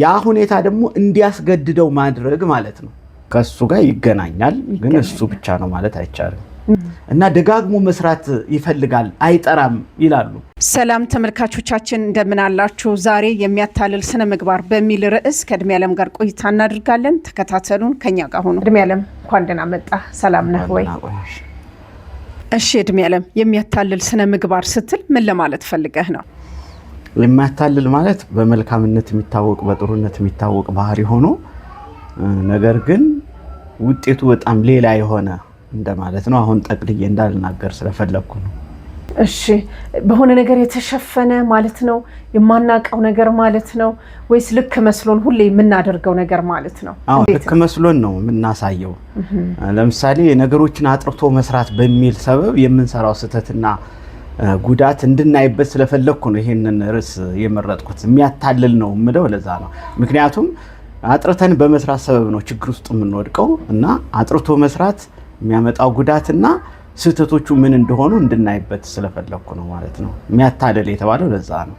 ያ ሁኔታ ደግሞ እንዲያስገድደው ማድረግ ማለት ነው። ከእሱ ጋር ይገናኛል፣ ግን እሱ ብቻ ነው ማለት አይቻልም። እና ደጋግሞ መስራት ይፈልጋል፣ አይጠራም ይላሉ። ሰላም ተመልካቾቻችን እንደምን አላችሁ? ዛሬ የሚያታልል ስነ ምግባር በሚል ርዕስ ከእድሜ ዓለም ጋር ቆይታ እናደርጋለን። ተከታተሉን፣ ከኛ ጋር ሆኑ። እድሜ ዓለም እንኳን ደህና መጣ። ሰላም ነህ ወይ? እሺ እድሜ ዓለም፣ የሚያታልል ስነ ምግባር ስትል ምን ለማለት ፈልገህ ነው? የማያታልል ማለት በመልካምነት የሚታወቅ በጥሩነት የሚታወቅ ባህሪ ሆኖ ነገር ግን ውጤቱ በጣም ሌላ የሆነ እንደማለት ነው። አሁን ጠቅልዬ እንዳልናገር ስለፈለግኩ ነው። እሺ፣ በሆነ ነገር የተሸፈነ ማለት ነው፣ የማናውቀው ነገር ማለት ነው ወይስ ልክ መስሎን ሁሌ የምናደርገው ነገር ማለት ነው? አዎ፣ ልክ መስሎን ነው የምናሳየው። ለምሳሌ ነገሮችን አጥርቶ መስራት በሚል ሰበብ የምንሰራው ስህተትና ጉዳት እንድናይበት ስለፈለግኩ ነው ይህንን ርዕስ የመረጥኩት። የሚያታልል ነው የምለው ለዛ ነው። ምክንያቱም አጥርተን በመስራት ሰበብ ነው ችግር ውስጥ የምንወድቀው እና አጥርቶ መስራት የሚያመጣው ጉዳትና ስህተቶቹ ምን እንደሆኑ እንድናይበት ስለፈለግኩ ነው ማለት ነው። የሚያታልል የተባለው ለዛ ነው።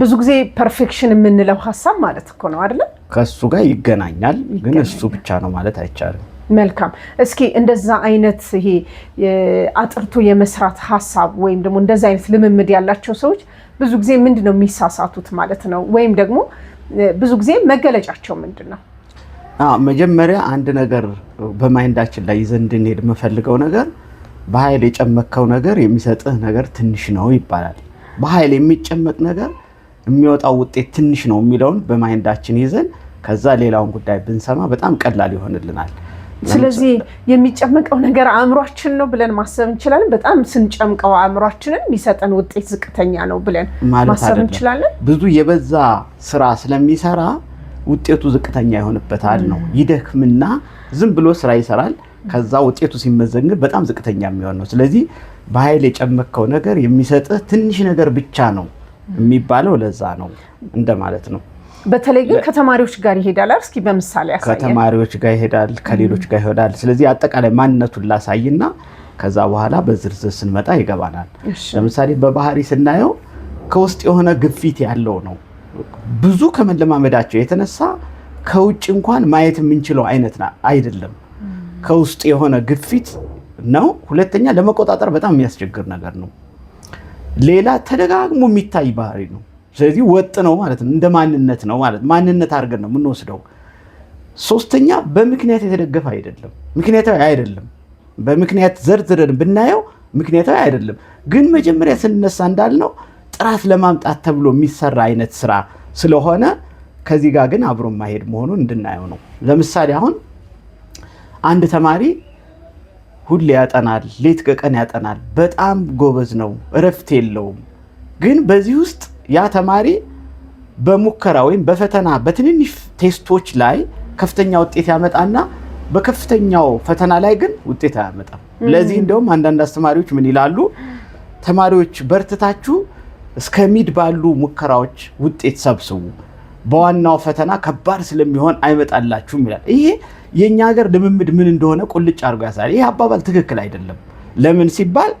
ብዙ ጊዜ ፐርፌክሽን የምንለው ሀሳብ ማለት እኮ ነው አይደለም? ከእሱ ጋር ይገናኛል፣ ግን እሱ ብቻ ነው ማለት አይቻልም። መልካም እስኪ እንደዛ አይነት ይሄ አጥርቶ የመስራት ሀሳብ ወይም ደግሞ እንደዛ አይነት ልምምድ ያላቸው ሰዎች ብዙ ጊዜ ምንድን ነው የሚሳሳቱት ማለት ነው? ወይም ደግሞ ብዙ ጊዜ መገለጫቸው ምንድን ነው? መጀመሪያ አንድ ነገር በማይንዳችን ላይ ይዘን እንድንሄድ የምፈልገው ነገር በኃይል የጨመቅከው ነገር የሚሰጥህ ነገር ትንሽ ነው ይባላል። በኃይል የሚጨመቅ ነገር የሚወጣው ውጤት ትንሽ ነው የሚለውን በማይንዳችን ይዘን ከዛ ሌላውን ጉዳይ ብንሰማ በጣም ቀላል ይሆንልናል። ስለዚህ የሚጨመቀው ነገር አእምሯችን ነው ብለን ማሰብ እንችላለን። በጣም ስንጨምቀው አእምሯችንን የሚሰጠን ውጤት ዝቅተኛ ነው ብለን ማሰብ እንችላለን። ብዙ የበዛ ስራ ስለሚሰራ ውጤቱ ዝቅተኛ ይሆንበታል ነው። ይደክምና ዝም ብሎ ስራ ይሰራል። ከዛ ውጤቱ ሲመዘንግ በጣም ዝቅተኛ የሚሆን ነው። ስለዚህ በኃይል የጨመቅከው ነገር የሚሰጥህ ትንሽ ነገር ብቻ ነው የሚባለው ለዛ ነው እንደማለት ነው። በተለይ ግን ከተማሪዎች ጋር ይሄዳል። እስኪ በምሳሌ ያሳየን። ከተማሪዎች ጋር ይሄዳል፣ ከሌሎች ጋር ይሄዳል። ስለዚህ አጠቃላይ ማንነቱን ላሳይና ከዛ በኋላ በዝርዝር ስንመጣ ይገባናል። ለምሳሌ በባህሪ ስናየው ከውስጥ የሆነ ግፊት ያለው ነው። ብዙ ከመለማመዳቸው የተነሳ ከውጭ እንኳን ማየት የምንችለው አይነት አይደለም። ከውስጥ የሆነ ግፊት ነው። ሁለተኛ ለመቆጣጠር በጣም የሚያስቸግር ነገር ነው። ሌላ ተደጋግሞ የሚታይ ባህሪ ነው። ስለዚህ ወጥ ነው ማለት ነው። እንደ ማንነት ነው ማለት ማንነት አድርገን ነው የምንወስደው። ሶስተኛ በምክንያት የተደገፈ አይደለም፣ ምክንያታዊ አይደለም። በምክንያት ዘርዝረን ብናየው ምክንያታዊ አይደለም። ግን መጀመሪያ ስንነሳ እንዳልነው ጥራት ለማምጣት ተብሎ የሚሰራ አይነት ስራ ስለሆነ ከዚህ ጋር ግን አብሮ ማሄድ መሆኑን እንድናየው ነው። ለምሳሌ አሁን አንድ ተማሪ ሁሌ ያጠናል፣ ሌት ከቀን ያጠናል። በጣም ጎበዝ ነው፣ እረፍት የለውም። ግን በዚህ ውስጥ ያ ተማሪ በሙከራ ወይም በፈተና በትንንሽ ቴስቶች ላይ ከፍተኛ ውጤት ያመጣና በከፍተኛው ፈተና ላይ ግን ውጤት አያመጣም። ለዚህ እንደውም አንዳንድ አስተማሪዎች ምን ይላሉ? ተማሪዎች በርትታችሁ እስከ ሚድ ባሉ ሙከራዎች ውጤት ሰብስቡ፣ በዋናው ፈተና ከባድ ስለሚሆን አይመጣላችሁም ይላል። ይሄ የእኛ ሀገር ልምምድ ምን እንደሆነ ቁልጭ አድርጎ ያሳያል። ይሄ አባባል ትክክል አይደለም። ለምን ሲባል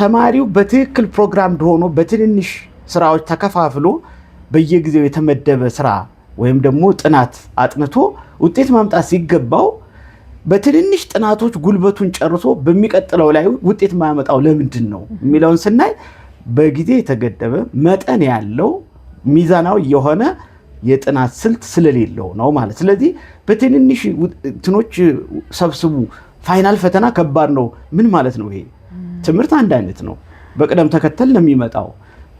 ተማሪው በትክክል ፕሮግራም እንደሆነ በትንንሽ ስራዎች ተከፋፍሎ በየጊዜው የተመደበ ስራ ወይም ደግሞ ጥናት አጥንቶ ውጤት ማምጣት ሲገባው በትንንሽ ጥናቶች ጉልበቱን ጨርሶ በሚቀጥለው ላይ ውጤት ማያመጣው ለምንድን ነው የሚለውን ስናይ በጊዜ የተገደበ መጠን ያለው ሚዛናዊ የሆነ የጥናት ስልት ስለሌለው ነው ማለት። ስለዚህ በትንንሽ እንትኖች ሰብስቡ። ፋይናል ፈተና ከባድ ነው። ምን ማለት ነው? ይሄ ትምህርት አንድ አይነት ነው፣ በቅደም ተከተል ነው የሚመጣው።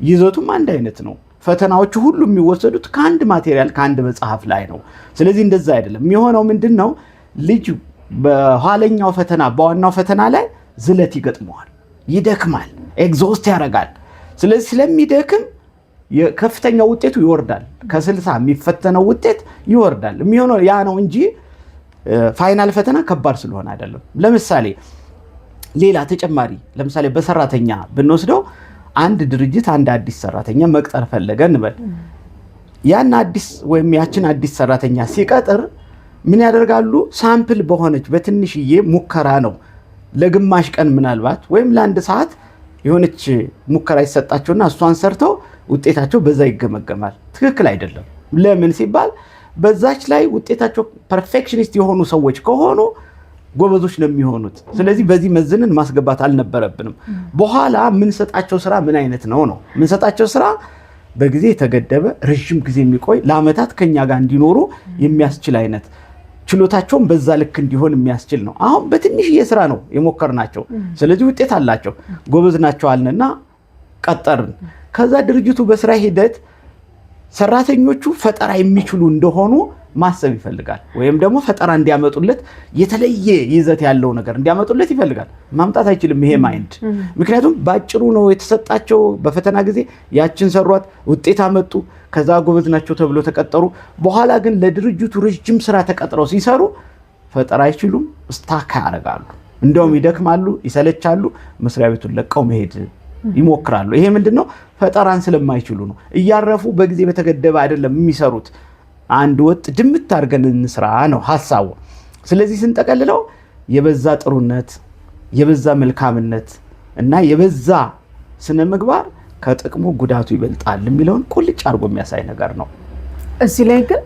ይዘቱም አንድ አይነት ነው። ፈተናዎቹ ሁሉ የሚወሰዱት ከአንድ ማቴሪያል ከአንድ መጽሐፍ ላይ ነው። ስለዚህ እንደዛ አይደለም የሚሆነው። ምንድን ነው ልጅ በኋለኛው ፈተና በዋናው ፈተና ላይ ዝለት ይገጥመዋል፣ ይደክማል፣ ኤግዞስት ያደርጋል። ስለዚህ ስለሚደክም ከፍተኛው ውጤቱ ይወርዳል። ከስልሳ የሚፈተነው ውጤት ይወርዳል። የሚሆነው ያ ነው እንጂ ፋይናል ፈተና ከባድ ስለሆነ አይደለም። ለምሳሌ ሌላ ተጨማሪ ለምሳሌ በሰራተኛ ብንወስደው አንድ ድርጅት አንድ አዲስ ሰራተኛ መቅጠር ፈለገ እንበል። ያን አዲስ ወይም ያችን አዲስ ሰራተኛ ሲቀጥር ምን ያደርጋሉ? ሳምፕል በሆነች በትንሽዬ ሙከራ ነው። ለግማሽ ቀን ምናልባት ወይም ለአንድ ሰዓት የሆነች ሙከራ ይሰጣቸውና እሷን ሰርተው ውጤታቸው በዛ ይገመገማል። ትክክል አይደለም። ለምን ሲባል በዛች ላይ ውጤታቸው ፐርፌክሽኒስት የሆኑ ሰዎች ከሆኑ ጎበዞች ነው የሚሆኑት። ስለዚህ በዚህ መዝንን ማስገባት አልነበረብንም። በኋላ የምንሰጣቸው ስራ ምን አይነት ነው ነው የምንሰጣቸው ስራ በጊዜ የተገደበ ረዥም ጊዜ የሚቆይ ለአመታት ከኛ ጋር እንዲኖሩ የሚያስችል አይነት ችሎታቸውን በዛ ልክ እንዲሆን የሚያስችል ነው። አሁን በትንሽዬ ስራ ነው የሞከርናቸው። ስለዚህ ውጤት አላቸው፣ ጎበዝ ናቸው አልንና ቀጠርን። ከዛ ድርጅቱ በስራ ሂደት ሰራተኞቹ ፈጠራ የሚችሉ እንደሆኑ ማሰብ ይፈልጋል። ወይም ደግሞ ፈጠራ እንዲያመጡለት የተለየ ይዘት ያለው ነገር እንዲያመጡለት ይፈልጋል። ማምጣት አይችልም ይሄ ማይንድ። ምክንያቱም በአጭሩ ነው የተሰጣቸው። በፈተና ጊዜ ያችን ሰሯት፣ ውጤት አመጡ፣ ከዛ ጎበዝ ናቸው ተብሎ ተቀጠሩ። በኋላ ግን ለድርጅቱ ረጅም ስራ ተቀጥረው ሲሰሩ ፈጠራ አይችሉም፣ እስታካ ያደርጋሉ። እንደውም ይደክማሉ፣ ይሰለቻሉ፣ መስሪያ ቤቱን ለቀው መሄድ ይሞክራሉ። ይሄ ምንድን ነው? ፈጠራን ስለማይችሉ ነው። እያረፉ በጊዜ በተገደበ አይደለም የሚሰሩት አንድ ወጥ ድምት አድርገን እንስራ ነው ሀሳቡ። ስለዚህ ስንጠቀልለው የበዛ ጥሩነት፣ የበዛ መልካምነት እና የበዛ ስነ ምግባር ከጥቅሙ ጉዳቱ ይበልጣል የሚለውን ቁልጭ አድርጎ የሚያሳይ ነገር ነው። እዚህ ላይ ግን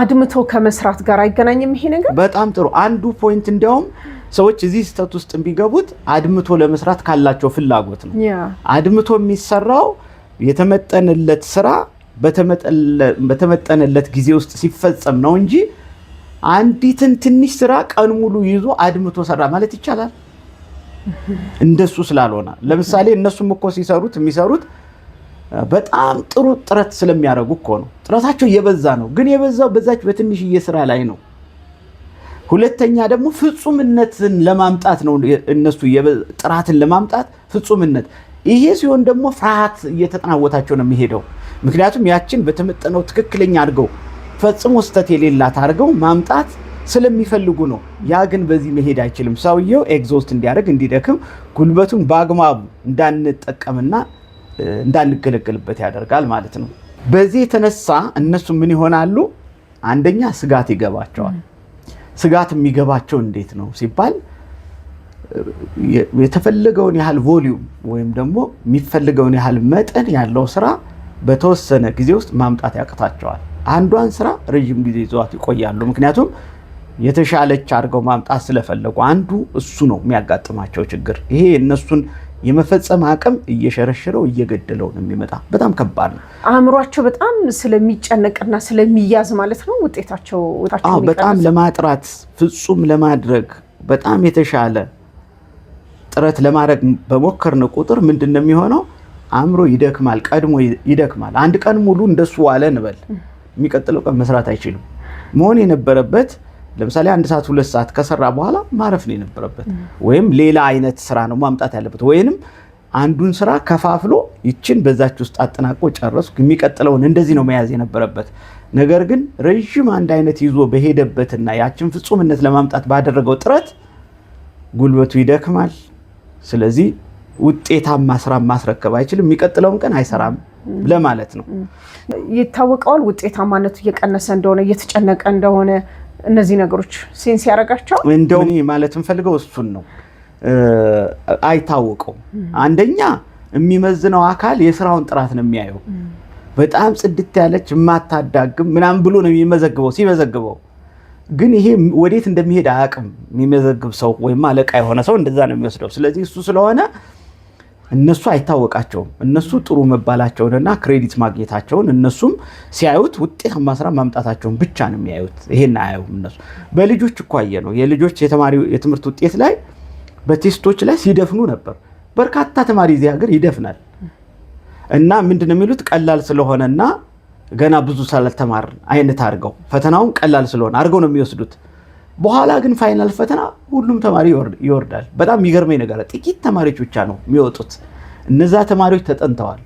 አድምቶ ከመስራት ጋር አይገናኝም ይሄ ነገር። በጣም ጥሩ አንዱ ፖይንት እንዲያውም ሰዎች እዚህ ስህተት ውስጥ የሚገቡት አድምቶ ለመስራት ካላቸው ፍላጎት ነው። አድምቶ የሚሰራው የተመጠንለት ስራ በተመጠነለት ጊዜ ውስጥ ሲፈጸም ነው እንጂ አንዲትን ትንሽ ስራ ቀን ሙሉ ይዞ አድምቶ ሰራ ማለት ይቻላል? እንደሱ ስላልሆነ ለምሳሌ እነሱም እኮ ሲሰሩት የሚሰሩት በጣም ጥሩ ጥረት ስለሚያደርጉ እኮ ነው። ጥረታቸው የበዛ ነው፣ ግን የበዛው በዛች በትንሽዬ ስራ ላይ ነው። ሁለተኛ ደግሞ ፍጹምነትን ለማምጣት ነው። እነሱ ጥራትን ለማምጣት ፍጹምነት ይሄ ሲሆን ደግሞ ፍርሃት እየተጠናወታቸው ነው የሚሄደው። ምክንያቱም ያችን በተመጠነው ትክክለኛ አድርገው ፈጽሞ ስህተት የሌላት አድርገው ማምጣት ስለሚፈልጉ ነው። ያ ግን በዚህ መሄድ አይችልም። ሰውየው ኤግዞስት እንዲያደርግ እንዲደክም፣ ጉልበቱን በአግባቡ እንዳንጠቀምና እንዳንገለገልበት ያደርጋል ማለት ነው። በዚህ የተነሳ እነሱ ምን ይሆናሉ? አንደኛ ስጋት ይገባቸዋል። ስጋት የሚገባቸው እንዴት ነው ሲባል የተፈለገውን ያህል ቮሊዩም ወይም ደግሞ የሚፈልገውን ያህል መጠን ያለው ስራ በተወሰነ ጊዜ ውስጥ ማምጣት ያቅታቸዋል። አንዷን ስራ ረዥም ጊዜ ይዘዋት ይቆያሉ። ምክንያቱም የተሻለች አድርገው ማምጣት ስለፈለጉ አንዱ እሱ ነው የሚያጋጥማቸው ችግር። ይሄ እነሱን የመፈጸም አቅም እየሸረሸረው እየገደለው ነው የሚመጣ። በጣም ከባድ ነው። አእምሯቸው በጣም ስለሚጨነቅና ስለሚያዝ ማለት ነው ውጤታቸው በጣም ለማጥራት ፍጹም ለማድረግ በጣም የተሻለ ጥረት ለማድረግ በሞከርን ቁጥር ምንድን ነው የሚሆነው? አእምሮ ይደክማል፣ ቀድሞ ይደክማል። አንድ ቀን ሙሉ እንደሱ ዋለ እንበል፣ የሚቀጥለው ቀን መስራት አይችልም። መሆን የነበረበት ለምሳሌ አንድ ሰዓት ሁለት ሰዓት ከሰራ በኋላ ማረፍ ነው የነበረበት፣ ወይም ሌላ አይነት ስራ ነው ማምጣት ያለበት ወይንም አንዱን ስራ ከፋፍሎ ይችን በዛች ውስጥ አጠናቆ ጨረስኩ፣ የሚቀጥለውን እንደዚህ ነው መያዝ የነበረበት። ነገር ግን ረዥም አንድ አይነት ይዞ በሄደበትና ያችን ፍጹምነት ለማምጣት ባደረገው ጥረት ጉልበቱ ይደክማል። ስለዚህ ውጤታማ ስራ ማስረከብ አይችልም፣ የሚቀጥለውም ቀን አይሰራም ለማለት ነው። ይታወቀዋል ውጤታማነቱ እየቀነሰ እንደሆነ እየተጨነቀ እንደሆነ እነዚህ ነገሮች ሴንስ ያደርጋቸው። እንደው ማለት እንፈልገው እሱን ነው። አይታወቀውም። አንደኛ የሚመዝነው አካል የስራውን ጥራት ነው የሚያየው። በጣም ጽድት ያለች የማታዳግም ምናምን ብሎ ነው የሚመዘግበው ሲመዘግበው ግን ይሄ ወዴት እንደሚሄድ አያውቅም። የሚመዘግብ ሰው ወይም አለቃ የሆነ ሰው እንደዛ ነው የሚወስደው። ስለዚህ እሱ ስለሆነ እነሱ አይታወቃቸውም። እነሱ ጥሩ መባላቸውንና ክሬዲት ማግኘታቸውን እነሱም ሲያዩት ውጤታማ ስራ ማምጣታቸውን ብቻ ነው የሚያዩት። ይሄን አያዩም እነሱ። በልጆች እኮ አየ ነው የልጆች የተማሪ የትምህርት ውጤት ላይ በቴስቶች ላይ ሲደፍኑ ነበር። በርካታ ተማሪ እዚህ ሀገር ይደፍናል እና ምንድን ነው የሚሉት ቀላል ስለሆነና ገና ብዙ ሳልተማርን አይነት አድርገው ፈተናውን ቀላል ስለሆነ አድርገው ነው የሚወስዱት። በኋላ ግን ፋይናል ፈተና ሁሉም ተማሪ ይወርዳል። በጣም የሚገርመኝ ነገር ጥቂት ተማሪዎች ብቻ ነው የሚወጡት። እነዛ ተማሪዎች ተጠንተዋል።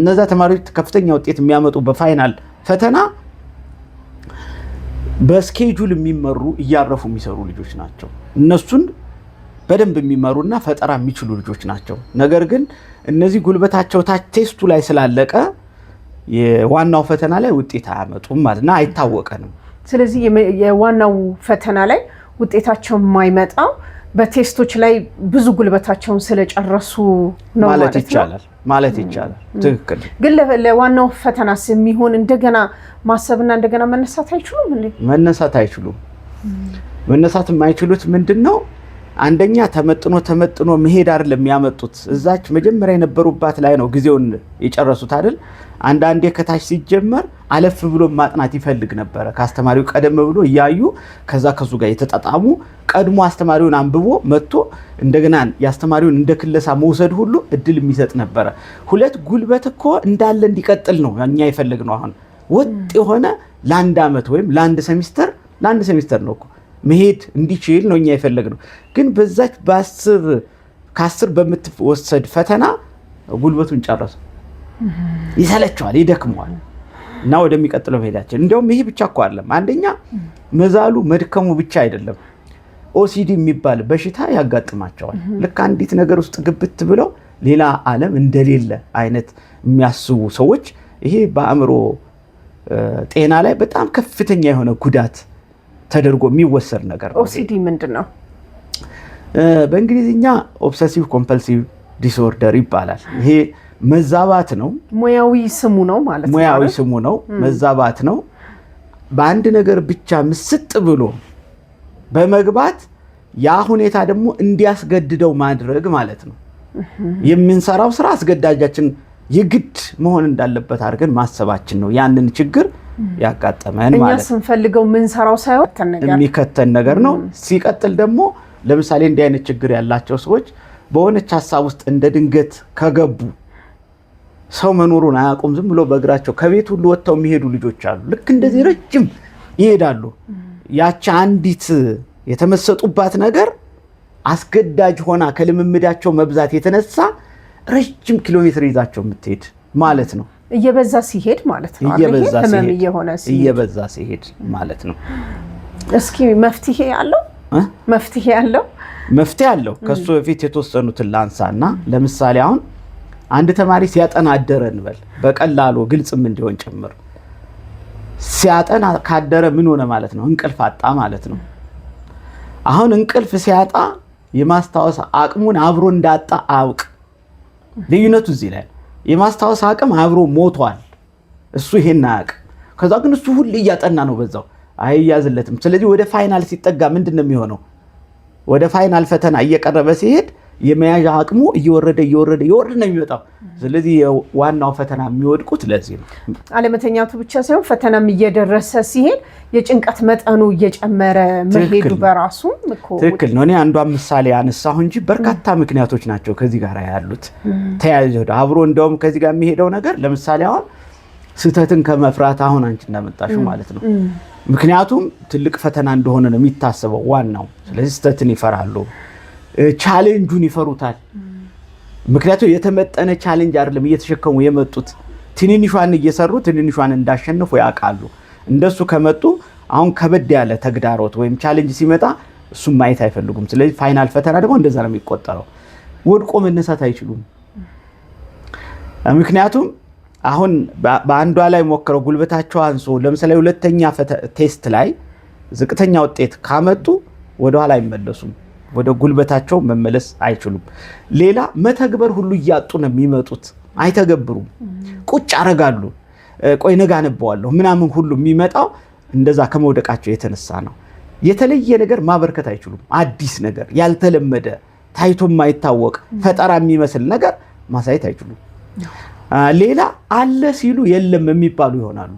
እነዛ ተማሪዎች ከፍተኛ ውጤት የሚያመጡ በፋይናል ፈተና በስኬጁል የሚመሩ እያረፉ የሚሰሩ ልጆች ናቸው። እነሱን በደንብ የሚመሩና ፈጠራ የሚችሉ ልጆች ናቸው። ነገር ግን እነዚህ ጉልበታቸው ታች ቴስቱ ላይ ስላለቀ የዋናው ፈተና ላይ ውጤት አያመጡም ማለት እና አይታወቀንም። ስለዚህ የዋናው ፈተና ላይ ውጤታቸው የማይመጣው በቴስቶች ላይ ብዙ ጉልበታቸውን ስለጨረሱ ነው ማለት ይቻላል ማለት ይቻላል። ትክክል። ግን ለዋናው ፈተናስ የሚሆን እንደገና ማሰብና እንደገና መነሳት አይችሉም። መነሳት አይችሉም። መነሳት የማይችሉት ምንድን ነው? አንደኛ ተመጥኖ ተመጥኖ መሄድ አይደለም የሚያመጡት እዛች መጀመሪያ የነበሩባት ላይ ነው ጊዜውን የጨረሱት አይደል። አንዳንዴ ከታች ሲጀመር አለፍ ብሎ ማጥናት ይፈልግ ነበረ። ከአስተማሪው ቀደም ብሎ እያዩ ከዛ ከሱ ጋር የተጣጣሙ ቀድሞ አስተማሪውን አንብቦ መጥቶ እንደገና የአስተማሪውን እንደ ክለሳ መውሰድ ሁሉ እድል የሚሰጥ ነበረ። ሁለት ጉልበት እኮ እንዳለ እንዲቀጥል ነው እኛ የፈለግ ነው። አሁን ወጥ የሆነ ለአንድ ዓመት ወይም ለአንድ ሴሚስተር ለአንድ ሴሚስተር ነው እኮ መሄድ እንዲችል ነው እኛ የፈለግነው። ግን በዛች በአስር ከአስር በምትወሰድ ፈተና ጉልበቱን ጨረሰ። ይሰለቸዋል፣ ይደክመዋል እና ወደሚቀጥለው መሄዳችን እንዲያውም ይሄ ብቻ እኮ አለም። አንደኛ መዛሉ መድከሙ ብቻ አይደለም፣ ኦሲዲ የሚባል በሽታ ያጋጥማቸዋል። ልክ አንዲት ነገር ውስጥ ግብት ብለው ሌላ ዓለም እንደሌለ አይነት የሚያስቡ ሰዎች ይሄ በአእምሮ ጤና ላይ በጣም ከፍተኛ የሆነ ጉዳት ተደርጎ የሚወሰድ ነገር ነው። ኦሲዲ ምንድን ነው? በእንግሊዝኛ ኦብሰሲቭ ኮምፐልሲቭ ዲስኦርደር ይባላል። ይሄ መዛባት ነው። ሙያዊ ስሙ ነው ማለት ነው። ሙያዊ ስሙ ነው፣ መዛባት ነው። በአንድ ነገር ብቻ ምስጥ ብሎ በመግባት ያ ሁኔታ ደግሞ እንዲያስገድደው ማድረግ ማለት ነው። የምንሰራው ስራ አስገዳጃችን የግድ መሆን እንዳለበት አድርገን ማሰባችን ነው ያንን ችግር ያጋጠመን ማለት ስንፈልገው ምንሰራው ሳይሆን የሚከተን ነገር ነው። ሲቀጥል ደግሞ ለምሳሌ እንዲህ አይነት ችግር ያላቸው ሰዎች በሆነች ሀሳብ ውስጥ እንደ ድንገት ከገቡ ሰው መኖሩን አያውቁም። ዝም ብሎ በእግራቸው ከቤት ሁሉ ወጥተው የሚሄዱ ልጆች አሉ። ልክ እንደዚህ ረጅም ይሄዳሉ። ያቺ አንዲት የተመሰጡባት ነገር አስገዳጅ ሆና ከልምምዳቸው መብዛት የተነሳ ረጅም ኪሎ ሜትር ይዛቸው የምትሄድ ማለት ነው። እየበዛ ሲሄድ ማለት ነው። እየበዛ ሲሄድ ማለት ነው። እስኪ መፍትሄ አለው መፍትሄ አለው መፍትሄ አለው። ከሱ በፊት የተወሰኑትን ላንሳ እና ለምሳሌ አሁን አንድ ተማሪ ሲያጠና አደረ እንበል፣ በቀላሉ ግልጽም እንዲሆን ጭምር ሲያጠና ካደረ ምን ሆነ ማለት ነው? እንቅልፍ አጣ ማለት ነው። አሁን እንቅልፍ ሲያጣ የማስታወስ አቅሙን አብሮ እንዳጣ አውቅ ልዩነቱ እዚህ ላይ የማስታወስ አቅም አብሮ ሞቷል። እሱ ይሄን አያውቅም። ከዛ ግን እሱ ሁሌ እያጠና ነው በዛው አይያዝለትም። ስለዚህ ወደ ፋይናል ሲጠጋ ምንድን ነው የሚሆነው? ወደ ፋይናል ፈተና እየቀረበ ሲሄድ የመያዣ አቅሙ እየወረደ እየወረደ እየወረደ ነው የሚወጣው። ስለዚህ ዋናው ፈተና የሚወድቁት ለዚህ ነው። አለመተኛቱ ብቻ ሳይሆን ፈተናም እየደረሰ ሲሄድ የጭንቀት መጠኑ እየጨመረ መሄዱ በራሱ ትክክል ነው። እኔ አንዷን ምሳሌ አነሳሁ እንጂ በርካታ ምክንያቶች ናቸው ከዚህ ጋር ያሉት ተያይዘ አብሮ እንደውም ከዚህ ጋር የሚሄደው ነገር ለምሳሌ አሁን ስህተትን ከመፍራት አሁን አንቺ እንዳመጣሽው ማለት ነው። ምክንያቱም ትልቅ ፈተና እንደሆነ ነው የሚታሰበው ዋናው። ስለዚህ ስህተትን ይፈራሉ ቻሌንጁን ይፈሩታል። ምክንያቱም የተመጠነ ቻሌንጅ አይደለም እየተሸከሙ የመጡት። ትንንሿን እየሰሩ ትንንሿን እንዳሸንፉ ያውቃሉ። እንደሱ ከመጡ አሁን ከበድ ያለ ተግዳሮት ወይም ቻሌንጅ ሲመጣ እሱም ማየት አይፈልጉም። ስለዚህ ፋይናል ፈተና ደግሞ እንደዛ ነው የሚቆጠረው። ወድቆ መነሳት አይችሉም። ምክንያቱም አሁን በአንዷ ላይ ሞክረው ጉልበታቸው አንሶ ለምሳሌ ሁለተኛ ቴስት ላይ ዝቅተኛ ውጤት ካመጡ ወደኋላ አይመለሱም። ወደ ጉልበታቸው መመለስ አይችሉም። ሌላ መተግበር ሁሉ እያጡ ነው የሚመጡት። አይተገብሩም፣ ቁጭ አረጋሉ። ቆይ ነጋ አነበዋለሁ ምናምን ሁሉ የሚመጣው እንደዛ ከመውደቃቸው የተነሳ ነው። የተለየ ነገር ማበርከት አይችሉም። አዲስ ነገር፣ ያልተለመደ ታይቶ የማይታወቅ ፈጠራ የሚመስል ነገር ማሳየት አይችሉም። ሌላ አለ ሲሉ የለም የሚባሉ ይሆናሉ።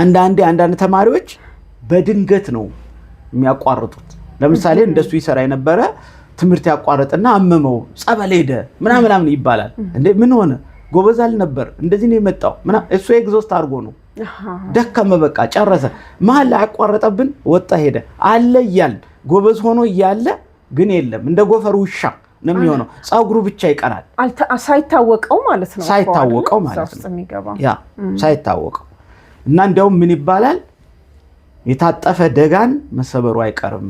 አንዳንዴ አንዳንድ ተማሪዎች በድንገት ነው የሚያቋርጡት ለምሳሌ እንደሱ ይሰራ የነበረ ትምህርት ያቋረጥና አመመው ጸበል ሄደ ምናምን ይባላል። እንደ ምን ሆነ? ጎበዝ አልነበር እንደዚህ ነው የመጣው እሱ ኤግዞስት አድርጎ ነው ደከመ፣ በቃ ጨረሰ። መሀል ላይ አቋረጠብን፣ ወጣ ሄደ አለ እያል ጎበዝ ሆኖ እያለ ግን የለም እንደ ጎፈር ውሻ ነው የሚሆነው። ፀጉሩ ብቻ ይቀራል ሳይታወቀው ማለት ነው ሳይታወቀው ማለት ነው ያ ሳይታወቀው እና እንዲያውም ምን ይባላል የታጠፈ ደጋን መሰበሩ አይቀርም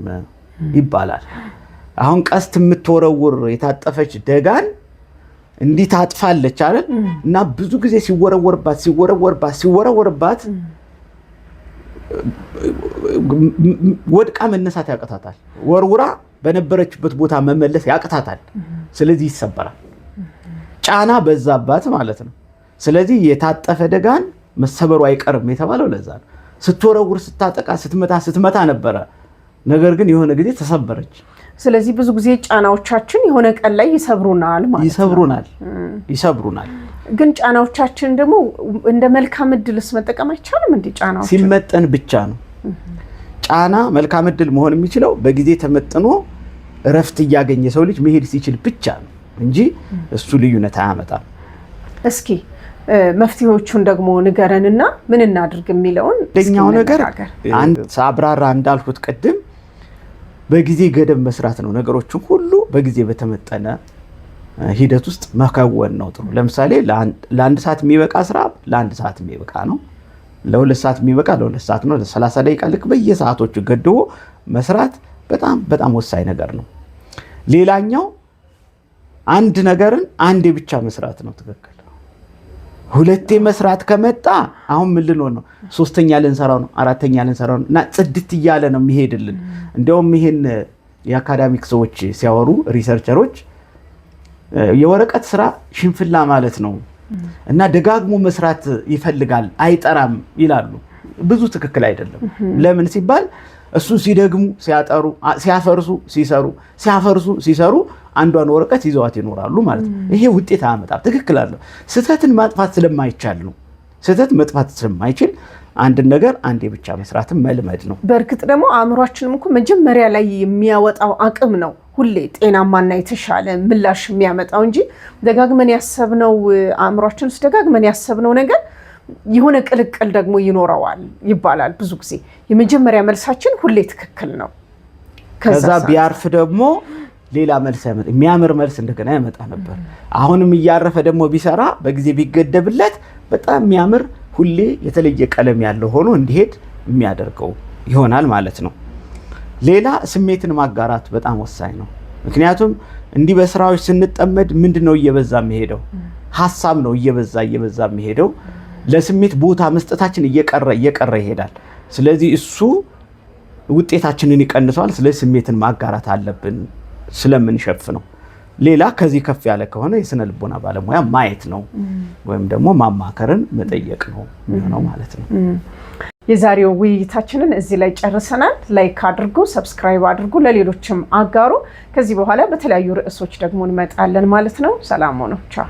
ይባላል። አሁን ቀስት የምትወረውር የታጠፈች ደጋን እንዲህ ታጥፋለች አይደል? እና ብዙ ጊዜ ሲወረወርባት ሲወረወርባት ሲወረወርባት ወድቃ መነሳት ያቅታታል። ወርውራ በነበረችበት ቦታ መመለስ ያቅታታል። ስለዚህ ይሰበራል። ጫና በዛባት ማለት ነው። ስለዚህ የታጠፈ ደጋን መሰበሩ አይቀርም የተባለው ለዛ ነው። ስትወረውር፣ ስታጠቃ፣ ስትመታ ስትመታ ነበረ ነገር ግን የሆነ ጊዜ ተሰበረች። ስለዚህ ብዙ ጊዜ ጫናዎቻችን የሆነ ቀን ላይ ይሰብሩናል ማለት ይሰብሩናል ይሰብሩናል። ግን ጫናዎቻችን ደግሞ እንደ መልካም እድልስ መጠቀም አይቻልም? እንዲ ጫና ሲመጠን ብቻ ነው። ጫና መልካም እድል መሆን የሚችለው በጊዜ ተመጥኖ እረፍት እያገኘ ሰው ልጅ መሄድ ሲችል ብቻ ነው እንጂ እሱ ልዩነት አያመጣም። እስኪ መፍትሄዎቹን ደግሞ ንገረንና ምን እናድርግ የሚለውን ደኛው ነገር አብራራ እንዳልኩት ቅድም በጊዜ ገደብ መስራት ነው። ነገሮችን ሁሉ በጊዜ በተመጠነ ሂደት ውስጥ መከወን ነው ጥሩ። ለምሳሌ ለአንድ ሰዓት የሚበቃ ስራ ለአንድ ሰዓት የሚበቃ ነው። ለሁለት ሰዓት የሚበቃ ለሁለት ሰዓት ነው። ለሰላሳ ደቂቃ ልክ በየሰዓቶቹ ገድቦ መስራት በጣም በጣም ወሳኝ ነገር ነው። ሌላኛው አንድ ነገርን አንዴ ብቻ መስራት ነው። ትክክል ሁለቴ መስራት ከመጣ አሁን ምን ልንሆን ነው? ሶስተኛ ልንሰራው ነው፣ አራተኛ ልንሰራው ነው። እና ጽድት እያለ ነው የሚሄድልን። እንዲያውም ይሄን የአካዳሚክ ሰዎች ሲያወሩ ሪሰርቸሮች የወረቀት ስራ ሽንፍላ ማለት ነው እና ደጋግሞ መስራት ይፈልጋል አይጠራም ይላሉ። ብዙ ትክክል አይደለም። ለምን ሲባል እሱን ሲደግሙ ሲያጠሩ፣ ሲያፈርሱ ሲሰሩ፣ ሲያፈርሱ ሲሰሩ አንዷን ወረቀት ይዘዋት ይኖራሉ ማለት ነው። ይሄ ውጤት አያመጣም። ትክክል አለው። ስህተትን ማጥፋት ስለማይቻል ነው። ስህተት መጥፋት ስለማይችል አንድን ነገር አንዴ ብቻ መስራትም መልመድ ነው። በእርግጥ ደግሞ አእምሯችንም እኮ መጀመሪያ ላይ የሚያወጣው አቅም ነው ሁሌ ጤናማና የተሻለ ምላሽ የሚያመጣው እንጂ ደጋግመን ያሰብነው አእምሯችን ውስጥ ደጋግመን ያሰብነው ነገር የሆነ ቅልቅል ደግሞ ይኖረዋል ይባላል። ብዙ ጊዜ የመጀመሪያ መልሳችን ሁሌ ትክክል ነው። ከዛ ቢያርፍ ደግሞ ሌላ መልስ የሚያምር መልስ እንደገና ያመጣ ነበር። አሁንም እያረፈ ደግሞ ቢሰራ በጊዜ ቢገደብለት በጣም የሚያምር ሁሌ የተለየ ቀለም ያለው ሆኖ እንዲሄድ የሚያደርገው ይሆናል ማለት ነው። ሌላ ስሜትን ማጋራት በጣም ወሳኝ ነው። ምክንያቱም እንዲህ በስራዎች ስንጠመድ ምንድን ነው እየበዛ የሚሄደው? ሀሳብ ነው እየበዛ እየበዛ የሚሄደው። ለስሜት ቦታ መስጠታችን እየቀረ እየቀረ ይሄዳል። ስለዚህ እሱ ውጤታችንን ይቀንሰዋል ስለዚህ ስሜትን ማጋራት አለብን። ስለምንሸፍነው። ሌላ ከዚህ ከፍ ያለ ከሆነ የስነ ልቦና ባለሙያ ማየት ነው ወይም ደግሞ ማማከርን መጠየቅ ነው የሚሆነው ማለት ነው። የዛሬው ውይይታችንን እዚህ ላይ ጨርሰናል። ላይክ አድርጉ፣ ሰብስክራይብ አድርጉ፣ ለሌሎችም አጋሩ። ከዚህ በኋላ በተለያዩ ርዕሶች ደግሞ እንመጣለን ማለት ነው። ሰላም ሆኖ ቻው።